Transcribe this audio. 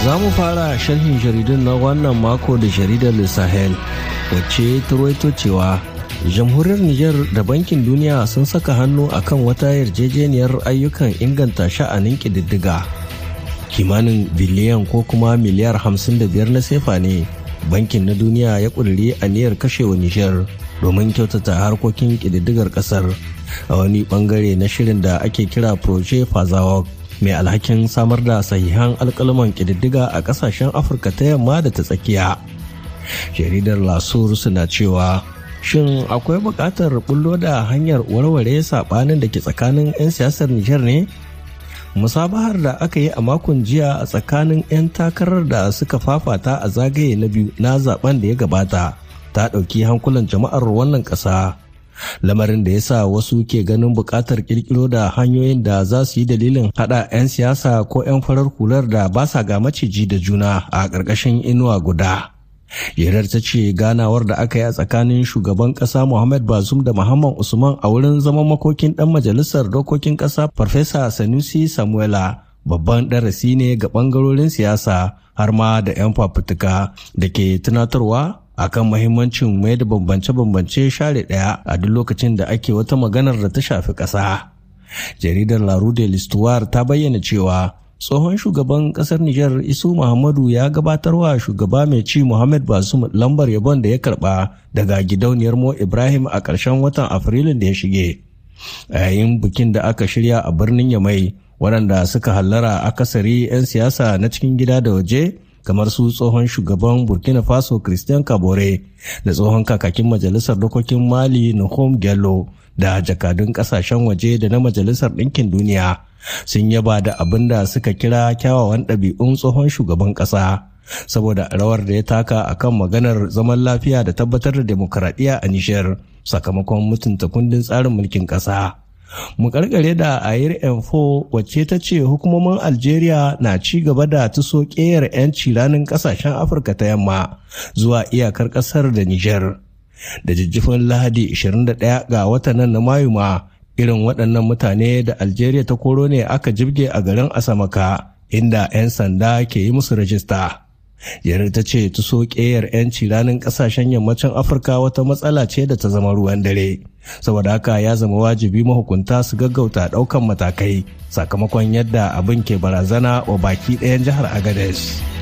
Za mu fara sharhin jaridun na wannan mako da jaridar Le Sahel wacce ta cewa jamhuriyar Nijar da bankin duniya sun saka hannu akan wata yarjejeniyar ayyukan inganta sha'anin ƙididdiga. Kimanin biliyan ko kuma miliyar 55 na sefa ne bankin na duniya ya ƙudiri aniyar kashewa Nijar domin kyautata harkokin ƙididdigar ƙasar a wani ɓangare na shirin da ake kira Proje Fazawok. mai alhakin samar da sahihan alkalaman ƙididdiga a ƙasashen afirka ta yamma da ta tsakiya jaridar lasur suna cewa shin akwai buƙatar bullo da hanyar warware saɓanin da ke tsakanin 'yan siyasar nijar ne musabahar da aka yi a makon jiya a tsakanin 'yan takarar da suka fafata a zagaye na biyu na zaben da ya gabata ta ɗauki hankulan jama'ar wannan ƙasa lamarin da ya sa wasu ke ganin buƙatar ƙirƙiro da hanyoyin da za su yi dalilin haɗa 'yan siyasa ko 'yan farar hular da ba sa ga maciji da juna a ƙarƙashin inuwa guda. Yarar ta ce ganawar da aka yi a tsakanin shugaban ƙasa Muhammad Bazum da Muhammad Usman a wurin zaman makokin ɗan majalisar dokokin ƙasa Farfesa Sanusi Samuela babban darasi ne ga ɓangarorin siyasa har ma da 'yan fafutuka da ke tunatarwa akan mahimmancin mai da bambance-bambance share ɗaya a duk lokacin da ake wata maganar da ta shafi ƙasa. Jaridar La Rue de l'Histoire ta bayyana cewa tsohon shugaban ƙasar Nijar Isu Muhammadu ya gabatar wa shugaba mai ci Muhammad Basum lambar yabon da ya karba daga gidauniyar Mo Ibrahim a ƙarshen watan Afrilun da ya shige. A yayin bikin da aka shirya a birnin Yamai, waɗanda suka hallara akasari 'yan siyasa na cikin gida da waje kamar su tsohon shugaban burkina faso christian kabore da tsohon kakakin majalisar dokokin mali nahom gello da jakadun kasashen waje da na majalisar ɗinkin duniya sun yaba da abin da suka kira kyawawan ɗabi'un tsohon shugaban ƙasa saboda rawar da ya taka a kan maganar zaman lafiya da tabbatar da demokaradiyya a nishiyar sakamakon mutunta kundin tsarin mulkin ƙasa mu karkare da ayir m4 wacce ta ce hukumomin algeria na ci gaba da tuso ƙeyar 'yanci ranar ƙasashen afirka ta yamma zuwa iyakar ƙasar da niger da jijjifin lahadi 21 ga watanan na mayu ma irin waɗannan mutane da algeria ta koro ne aka jibge a garin asamaka inda 'yan sanda ke yi musu rajista Yar ta ce ta so ƙeyar 'yanci ranar ƙasashen yammacin afirka wata matsala ce da ta zama ruwan dare saboda haka ya zama wajibi mahukunta su gaggauta ɗaukan matakai sakamakon yadda abin ke barazana wa baki ɗayan jihar Agadez.